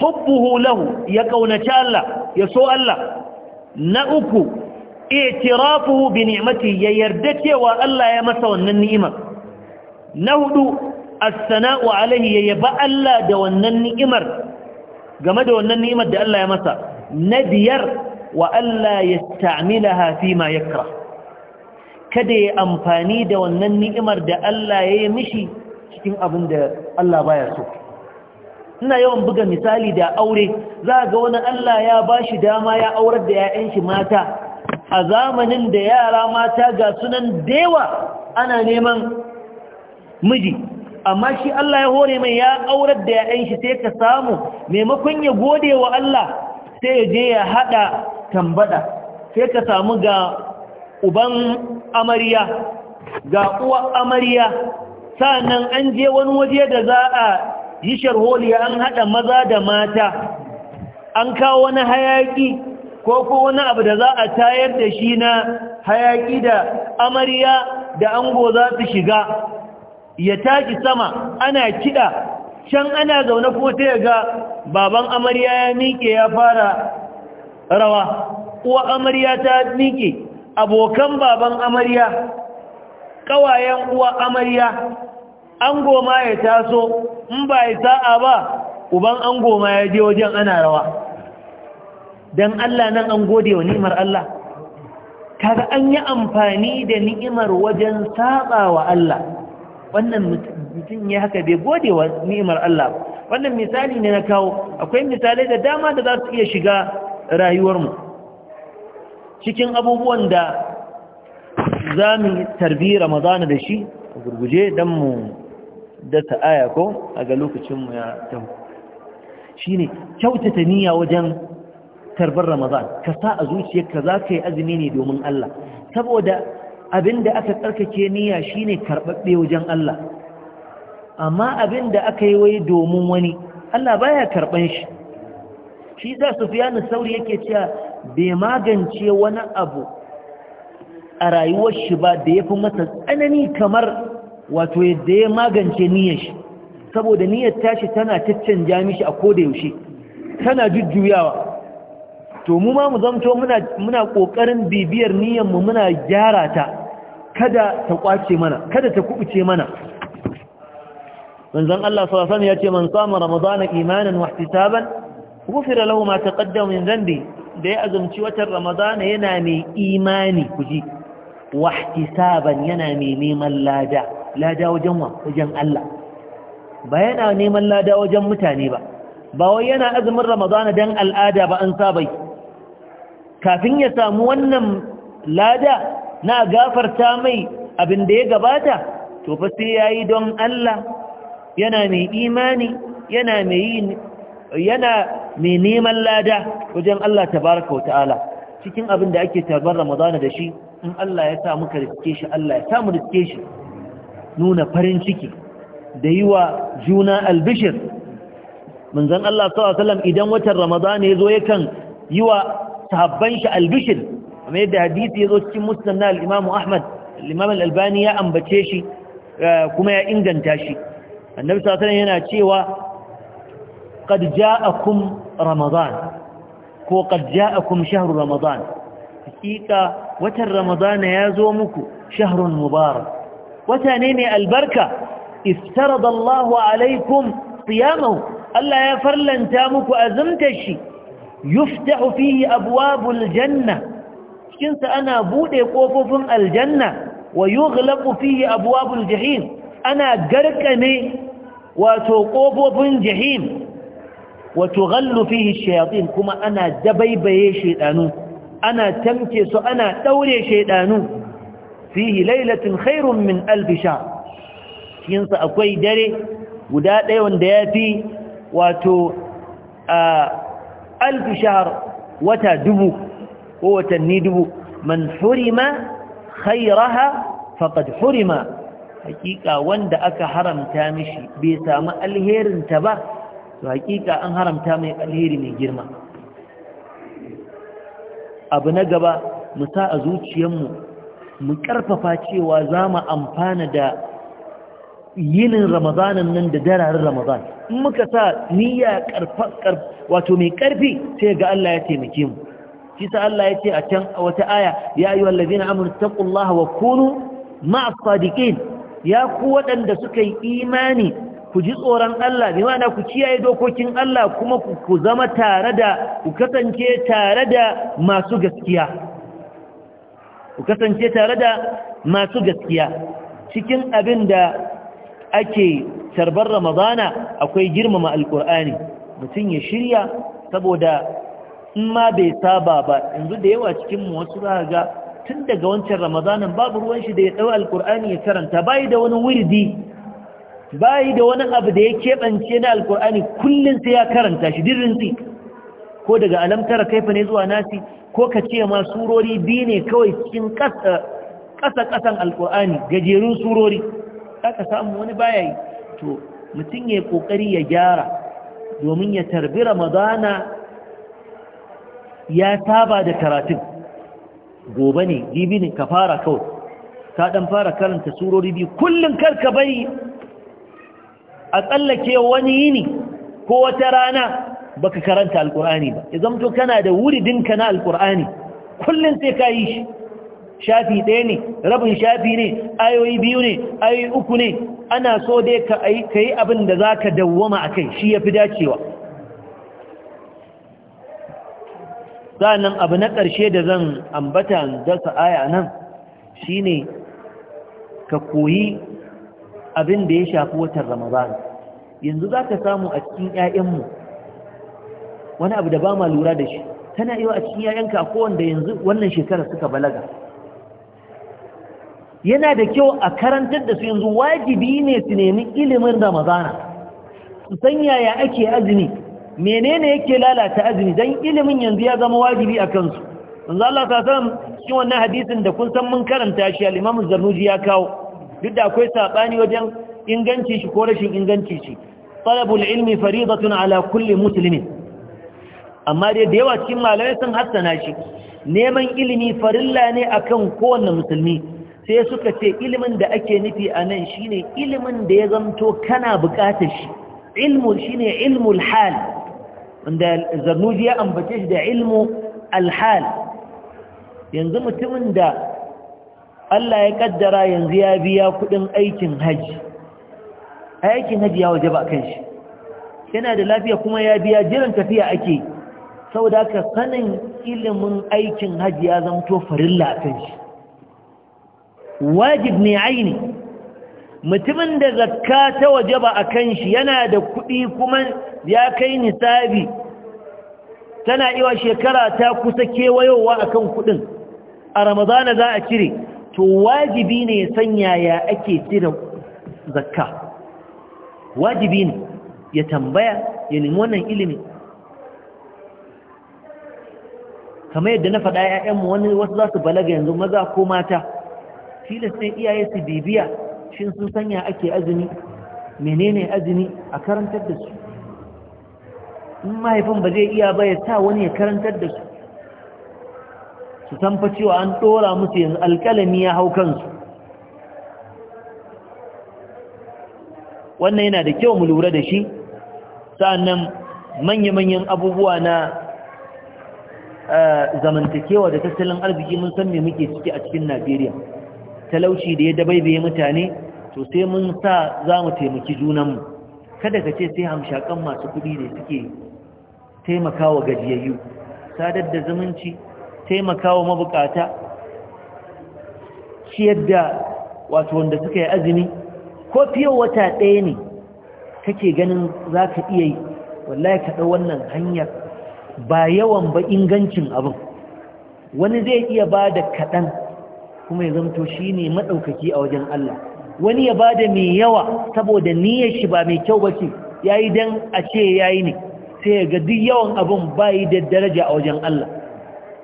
hubbuhu lahu ya kaunaci Allah ya so Allah na uku i'tirafuhu bi ni'mati ya yarda cewa Allah ya masa wannan ni'ima na hudu as-sana'u alayhi ya yaba Allah da wannan ni'imar game da wannan ni'imar da Allah ya masa na biyar wa Allah yasta'milaha fi ma yakra kada ya amfani da wannan ni'imar da Allah ya yi mishi cikin abin da Allah baya so ina yawan buga misali da aure za a ga wani Allah ya ba shi dama ya aurar da 'ya'yan shi mata a zamanin da yara mata ga sunan dewa ana neman miji amma shi Allah ya hore mai ya aurar da 'ya'yan shi sai ka samu maimakon ya gode wa Allah sai ya je ya haɗa tambada sai ka samu ga uban amarya ga uwa amarya sa'annan an je wani waje da za a yi sharholiya an haɗa maza da mata an kawo wani hayaƙi ko ko wani abu da za a tayar da shi na hayaƙi da amarya da ango za su shiga ya taƙi sama ana kiɗa can ana zaune ko ta ga baban amarya ya miƙe ya fara rawa uwa amarya ta miƙe abokan baban amarya ƙawayen uwa amarya ango ma ya taso in ba ya sa'a ba uban ango goma ya je wajen ana rawa don Allah nan an gode wa ni'imar Allah kaga an yi amfani da ni'imar wajen saba wa Allah wannan mutum ya haka bai gode wa ni'imar Allah wannan misali ne na kawo akwai misalai da dama da za su iya shiga rayuwarmu cikin abubuwan da za mu tarbi ramadana da shi gurguje don mu dasa aya ko a ga lokacinmu ya taho shi ne kyautata niyya wajen tarbar ramadan ka sa a zuciyarka za ka yi azumi ne domin Allah saboda abin da aka tsarkake niyya shi ne karɓaɓɓe wajen Allah amma abin da aka yi wai domin wani Allah baya karɓan shi shi za su fiya sauri yake cewa bai magance wani abu a rayuwar shi ba da ya fi masa tsanani kamar wato yadda ya magance niyyar shi saboda niyyar tashi tana caccanja mishi a koda yaushe tana jujjuyawa to mu ma mu zamto muna muna kokarin bibiyar niyyar mu muna gyara ta kada ta kwace mana kada ta kubuce mana manzon Allah sallallahu alaihi wasallam ya ce man sama ramadana imanan wa ihtisaban ghufira lahu ma taqaddama min dhanbi da ya azumci watan ramadana yana mai imani kuji wa ihtisaban yana mai neman lada lada wajen wa wajen Allah ba yana neman lada wajen mutane ba ba wai yana azumin ramadana don al'ada ba an sabai kafin ya samu wannan lada na gafarta mai abin da ya gabata to fa sai yayi don Allah yana mai imani yana mai yana mai neman lada wajen Allah tabaraka wa ta'ala cikin abin da ake tarbar ramadana da shi in Allah ya sa muka riske shi Allah ya sa mu riske shi nuna farin ciki da yi wa juna albishir manzan Allah s.a.w. idan watan ramadan ya zo yakan yi wa sahabban shi albishir amma yadda hadisi ya zo cikin musnad na al'imamu ahmad al'imam Albani ya ambace shi eh, kuma ya inganta shi annabi s.a.w. yana cewa qad ja'akum ramadan ko qad ja'akum shahru ramadan hakika watan ramadan ya zo muku shahrun mubarak wata ne albarka iftarada alaikum siyamahu Allah ya farlanta muku azumtar shi yuftahu fihi abwabul janna cikin sa ana bude kofofin aljanna wa yughlaqu fihi abwabul jahim ana garkame wato kofofin jahim wa tughallu fihi shayatin kuma ana dabaibaye shedanu ana tamke su ana daure shedanu fihi lailatin khairun min alf shahr cikin sa akwai dare guda ɗaya wanda yafi wato alf shahr wata dubu ko watanni dubu man hurima khairaha faqad hurima hakika wanda aka haramta mishi bai samu alherin ta ba to hakika an haramta mai alheri mai girma abu na gaba mu sa a zuciyarmu mu karfafa cewa za mu amfana da yinin ramadanin nan da dararin ramadan in muka sa niyya wato mai karfi sai ga Allah ya taimake mu shi sa Allah ya ce a can wata aya ya ayyuhal ladina amanu taqullaha wa kunu ma'as sadiqin ya ku waɗanda suka yi imani ku ji tsoron Allah bi ma'ana ku kiyaye dokokin Allah kuma ku zama tare da ku kasance tare da masu gaskiya ku kasance tare da masu gaskiya cikin abin da ake tarbar ramadana akwai girmama alkur'ani mutum ya shirya saboda in ma bai saba ba yanzu da yawa cikin wasu za ga tun daga wancan ramadanan babu ruwan shi da ya ɗau alkur'ani ya karanta bayi da wani wurdi bayi da wani abu da ya keɓance na alkur'ani kullum sai ya karanta shi dirrin ko daga alam tara kaifa ne zuwa nasi ko ka ce ma surori biyu ne kawai cikin ƙasa kasan alƙur'ani gajerun surori ka samu wani baya yi to mutum ya ƙoƙari ya gyara domin ya tarbi ramadana ya saba da karatun gobe ne jibi ne ka fara kawai ka ɗan fara karanta surori biyu kullum karka bari a tsallake wani yini ko wata rana baka karanta alkur'ani ba ya zamto kana da wuridinka na alkur'ani kullum sai ka yi shi shafi ɗaya ne rabin shafi ne ayoyi biyu ne ayoyi uku ne ana so dai ka yi abin da za ka dawwama a kai shi ya fi dacewa sa'annan abu na ƙarshe da zan ambata dasa aya nan shine ka koyi abin da ya shafi watan ramadan yanzu za ka samu a cikin 'ya'yanmu wani abu da ba ma lura da shi tana iya a cikin yayanka ko wanda yanzu wannan shekara suka balaga yana da kyau a karantar da su yanzu wajibi ne su nemi ilimin ramadana su san yaya ake azumi menene yake lalata azumi dan ilimin yanzu ya zama wajibi a kansu yanzu Allah ta san shi wannan hadisin da kun san mun karanta shi al-Imam Zarnuji ya kawo duk da akwai sabani wajen inganci shi ko rashin inganci shi talabul ilmi faridatun ala kulli muslimin amma dai da yawa cikin malamai sun hassana shi neman ilimi farilla ne akan kowanne musulmi sai suka ce ilimin da ake nufi a nan shine ilimin da ya zanto kana buƙatar shi ilmu shine ilmul hal wanda zarnuji ya ambace shi da ilmu alhal yanzu mutumin da Allah ya kaddara yanzu ya biya kudin aikin haji aikin haji ya waje ba kan shi yana da lafiya kuma ya biya jiran tafiya ake saboda ka sanin ilimin aikin hajji ya zamto farilla a shi wajib ne aini mutumin da zakka ta waje ba a kan shi yana da kuɗi kuma ya kai nisabi tana iwa shekara ta kusa kewayowa a kan kuɗin a ramadana za a cire to wajibi ne sanya ya ake cire zakka wajibi ne ya tambaya ya nemi wannan ilimin kamar yadda na faɗa ‘ya'yanmu wani wasu za su balaga yanzu maza ko mata filistin iyaye su bibiya shin sun sanya ake azumi menene azumi a karantar da su in mahaifin ba zai iya ba ta wani ya karantar da su su san an ɗora musu yanzu alƙalami ya hau kansu wannan yana da kyau mu lura da shi sa'annan manya-manyan abubuwa na zamantakewa da tattalin arziki mun san me muke ciki a cikin Najeriya talauci da ya dabaibaye mutane to sai mun sa za mu taimaki mu kada ka ce sai hamshakan masu kuɗi ne suke taimakawa gajiyayyu sadar da zumunci taimakawa mabukata ciyar yadda wato wanda suka yi azumi ko fiye wata ɗaya ne kake ganin za ka iya yi wallahi ka ɗau wannan hanyar ba yawan ba ingancin abin wani zai iya ba da kaɗan kuma ya zamto shi ne maɗaukaki a wajen Allah wani ya ba da mai yawa saboda niyyar shi ba mai kyau ba ce ya yi don a ce ya yi ne sai ya ga duk yawan abin ba yi da daraja a wajen Allah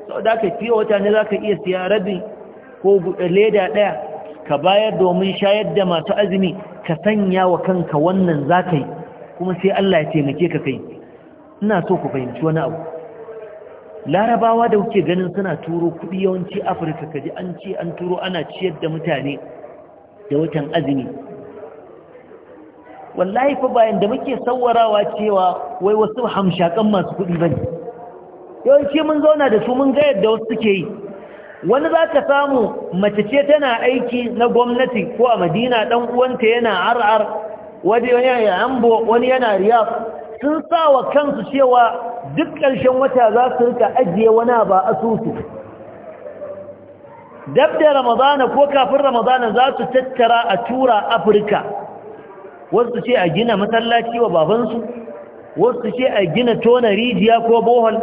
sau da aka fiye wata ne za ka iya siya rabi ko leda ɗaya ka bayar domin shayar da masu azumi ka sanya wa kanka wannan za ka yi kuma sai Allah ya taimake ka kai ina so ku fahimci wani abu larabawa da kuke ganin suna turo kuɗi yawanci afirka kaji an ce an turo ana ciyar da mutane da watan azumi wallahi fa bayan da muke sawarawa cewa wai wasu hamshakan masu kuɗi bane yawanci mun zauna da su mun ga yadda wasu suke yi wani za ka samu mace ce tana aiki na gwamnati ko a madina ɗan uwanta yana ar'ar wani yana yambo wani yana riyaf sun sa wa kansu cewa duk ƙarshen wata za su rika ajiye wani ba asusu Dabda dabda ramadana ko kafin ramadana za su tattara a tura afirka wasu ce a gina masallaci wa babansu wasu ce a gina tona rijiya ko bohol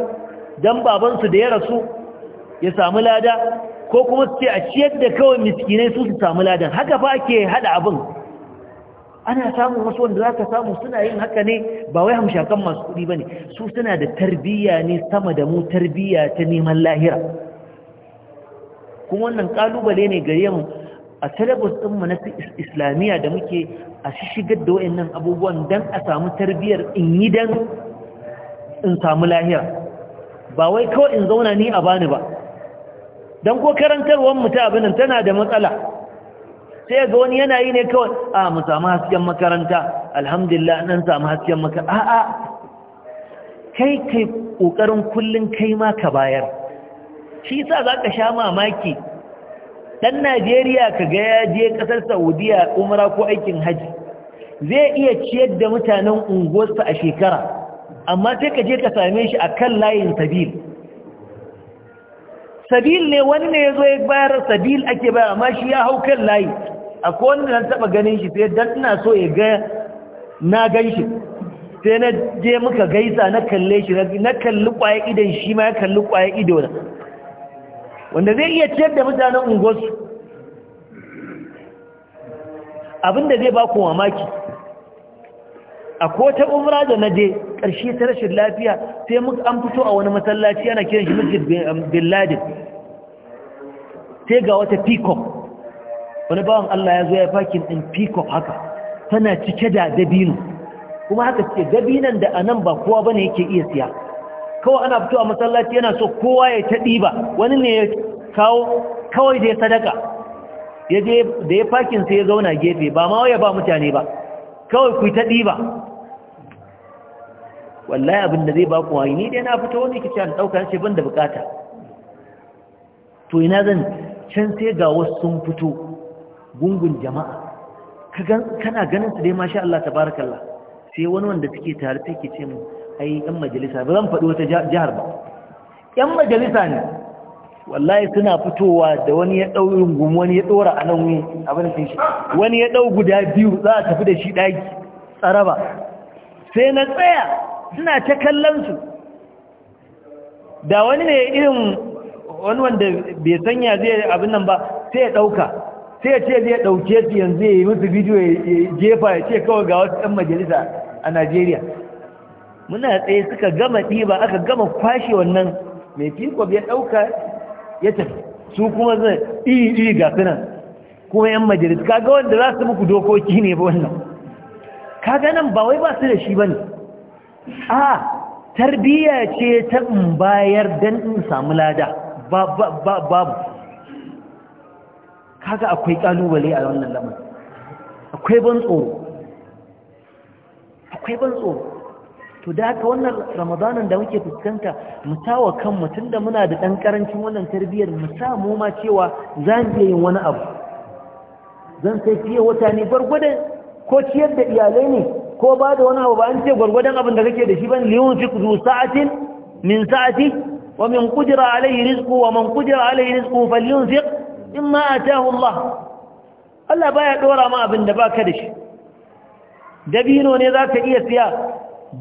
don babansu da ya rasu ya samu lada ko kuma su ce a ciyar da kawai miskinai su su samu ladan haka fa ake haɗa abin ana samun wasu wanda za ka samu suna yin haka ne ba wai hamshakan masu kuɗi ba ne su suna da tarbiyya ne sama da mu tarbiyya ta neman lahira kuma wannan kalubale ne gare mu a talabus mu na islamiyya da muke a shigar da nan abubuwan don a samu tarbiyyar in yi don in samu lahira ba wai kawai in zauna ni a bani ba don ko karantarwar mutu abinan tana da matsala sai ga wani yana yi ne kawai a ah, mu samu hasken makaranta alhamdulillah nan samu hasken makaranta a'a kai kai kokarin kullun kai ma ka bayar shi yasa zaka sha mamaki dan Najeriya ka ga ya je kasar Saudiya umra ko aikin haji zai iya ciyar da mutanen unguwarsa a shekara amma sai ka je ka same shi akan layin sabil sabil ne wani ne ya zo ya bayar sabil ake bayar amma shi ya hau kan layi akwai wanda na taba ganin shi sai dan ina so ya ga na gan shi sai na je muka gaisa na kalle shi na kalli kwaye idon shi ma ya kalli kwaye ido na wanda zai iya ciyar da mutanen unguwarsu abinda zai ba ku mamaki a kota umra da na je ƙarshe ta rashin lafiya sai muka an fito a wani masallaci ana kiran shi masjid bin um, ladin sai ga wata peacock wani bawan Allah ya zo ya fakin ɗin fiko haka tana cike da dabino kuma haka ce dabinan da a nan ba kowa bane yake iya siya kawai ana fito a masallaci yana so kowa ya ta ba wani ne ya kawo kawai da ya sadaka da ya fakin sai ya zauna gefe ba ma waya ba mutane ba kawai ku ta ba wallahi abin da zai ba ku wani ni dai na fito wani kici an ɗauka ce ban da bukata to ina zan can sai ga wasu sun fito gungun jama'a kana ganin su dai sha Allah tabarakallah sai wani wanda suke tare take ce mu ai ɗan majalisa ba zan faɗi wata jihar ba ɗan majalisa ne wallahi suna fitowa da wani ya ɗau rungum wani ya ɗora a nan abin da shi wani ya ɗau guda biyu za a tafi da shi ɗaki tsaraba sai na tsaya suna ta kallon su da wani ne irin wani wanda bai sanya zai abin nan ba sai ya ɗauka sai ce zai ɗauke su yanzu ya yi musu bidiyo ya jefa ya ce kawai ga wasu ɗan majalisa a najeriya muna tsaye suka gama ɗiba aka gama kwashe wannan mai fikon ya ɗauka ya tafi su kuma zai iri ga sunan kuma yan Ka kaga wanda za su muku dokoki ne ba wannan kaga nan ba wai ba su da shi ba ne a tarbiyya ce ta bayar don in samu lada babu kaga akwai kalubale a wannan lamarin akwai ban tsoro akwai ban tsoro to da haka wannan ramadanin da muke fuskanta mu tawa kanmu tunda muna da dan karancin wannan tarbiyyar mu samu ma cewa zan iya yin wani abu zan sai fiye wata ne gwargwadon ko ciyar da iyalai ne ko ba da wani abu ba an ce gwargwadon abin da kake da shi ban liyun fi kuzu sa'atin min sa'ati wa min qudira alayhi rizqu wa man qudira alayhi rizqu falyunfiq mimma atahu Allah Allah baya ɗora ma abin da baka da shi dabino ne zaka iya siya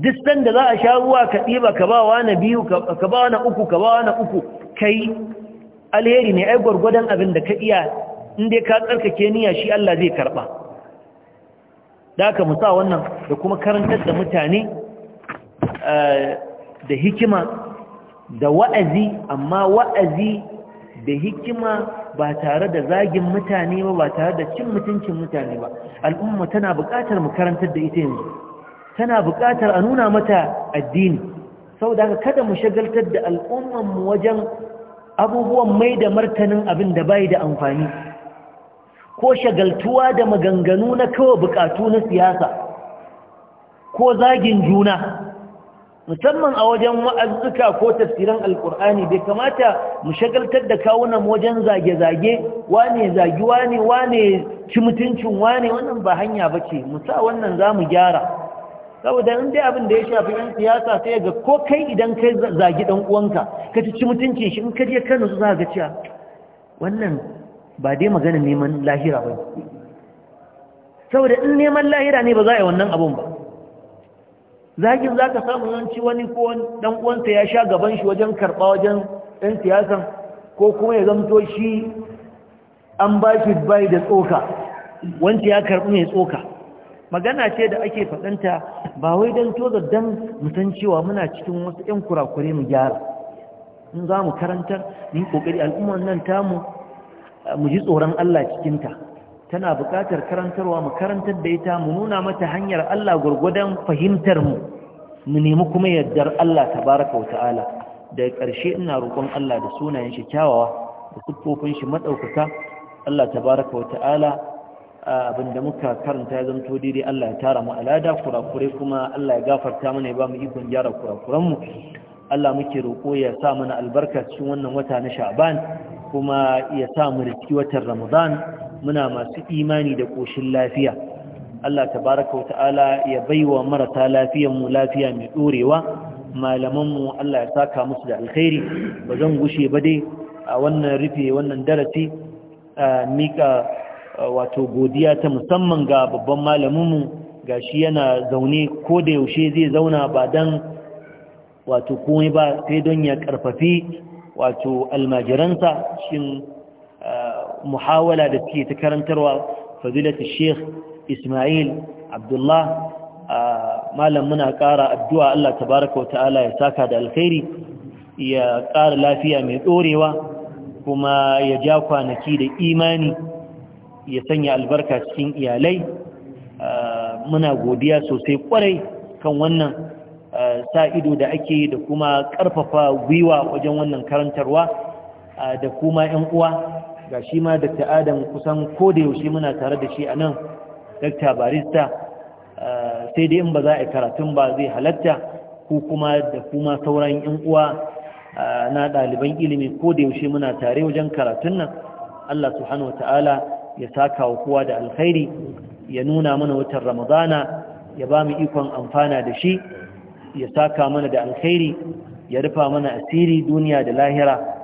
distan da za a sha ruwa ka ɗiba ka ba wani biyu ka ba wani uku ka ba wani uku kai alheri ne ai gwargwadon abin da ka iya inda ka tsarkake niya shi Allah zai karɓa. da aka musa wannan da kuma karantar da mutane eh, da hikima da wa'azi amma wa'azi da hikima ba tare da zagin mutane ba ba tare da cin mutuncin mutane ba al'umma tana buƙatar mu karantar da ita yanzu tana buƙatar a nuna mata addini saboda haka kada mu shagaltar da al'umman mu wajen abubuwan mai da martanin abin da bai da amfani ko shagaltuwa da maganganu na kawai buƙatu na siyasa ko zagin juna musamman a wajen wa'azzuka ko tafsiran Alƙur'ani bai kamata mu shagaltar da kawunan wajen zage-zage wane zagi wane wane ci mutuncin wane wannan ba hanya ba ce musa wannan za mu gyara saboda in dai abin da ya shafi yan siyasa sai ga ko kai idan kai zagi dan uwanka ka ci mutuncin shi in ka je Kano za ga cewa wannan ba dai magana neman lahira ba saboda in neman lahira ne ba za a yi wannan abun ba zagin za ka samu yanci wani ko dan uwansa ya sha gaban shi wajen karɓa wajen ɗan siyasan ko kuma ya zamto shi an ba shi bai da tsoka wanda ya karɓi mai tsoka magana ce da ake faɗanta ba wai don toza don mutan cewa muna cikin wasu 'yan kurakure mu gyara in za mu karantar ni ƙoƙari al'ummar nan tamu mu ji tsoron Allah cikinta tana buƙatar karantarwa mu karantar da ita mu nuna mata hanyar Allah gurgudan fahimtar mu mu nemi kuma yardar Allah tabaraka wa ta'ala Daga ƙarshe ina roƙon Allah da sunayen shi kyawawa da siffofin shi madaukaka Allah tabaraka wa ta'ala abinda muka karanta ya zanto daidai Allah ya tara mu alada kurakurai kuma Allah ya gafarta mana ya ba mu ikon gyara kurakuran mu Allah muke roƙo ya sa mana albarka cikin wannan wata na Sha'ban kuma ya sa mu riski watan Ramadan muna masu imani da ƙoshin lafiya Allah tabaraka wa ta'ala ya baiwa marasa lafiyanmu lafiya mai ɗorewa malamanmu Allah ya saka musu da alkhairi ba zan gushe ba dai a wannan rufe wannan darasi mika wato godiya ta musamman ga babban malaminmu ga shi yana zaune ko da yaushe zai zauna ba don wato komai ba sai don ya karfafi wato almajiransa shi muhawala da suke ta karantarwa fadilatu sheikh ismail abdullah malam muna ƙara addu'a Allah tabaraka wa ta'ala ya saka da alkhairi ya ƙara lafiya mai ɗorewa kuma ya ja kwanaki da imani ya sanya albarka cikin iyalai muna godiya sosai kwarai kan wannan sa ido da ake da kuma ƙarfafa gwiwa wajen wannan karantarwa da kuma ‘yan uwa ga shi ma Dr. Adam kusan ko da yaushe muna tare da shi a nan Dr. Barista eh, sai dai in ba za a karatun ba zai halatta ko kuma da kuma sauran yan uwa eh, na ɗaliban ilimi ko da yaushe muna tare wajen karatun nan Allah subhanahu ta'ala ya saka wa kowa da alkhairi ya nuna mana watan Ramadana ya ba mu ikon amfana da shi ya saka mana da alkhairi ya rufa mana asiri duniya da lahira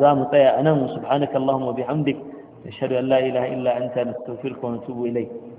za mu tsaya a nan subhanakallahumma bihamdik nashhadu an la ilaha illa anta nastaghfiruka wa natubu ilayk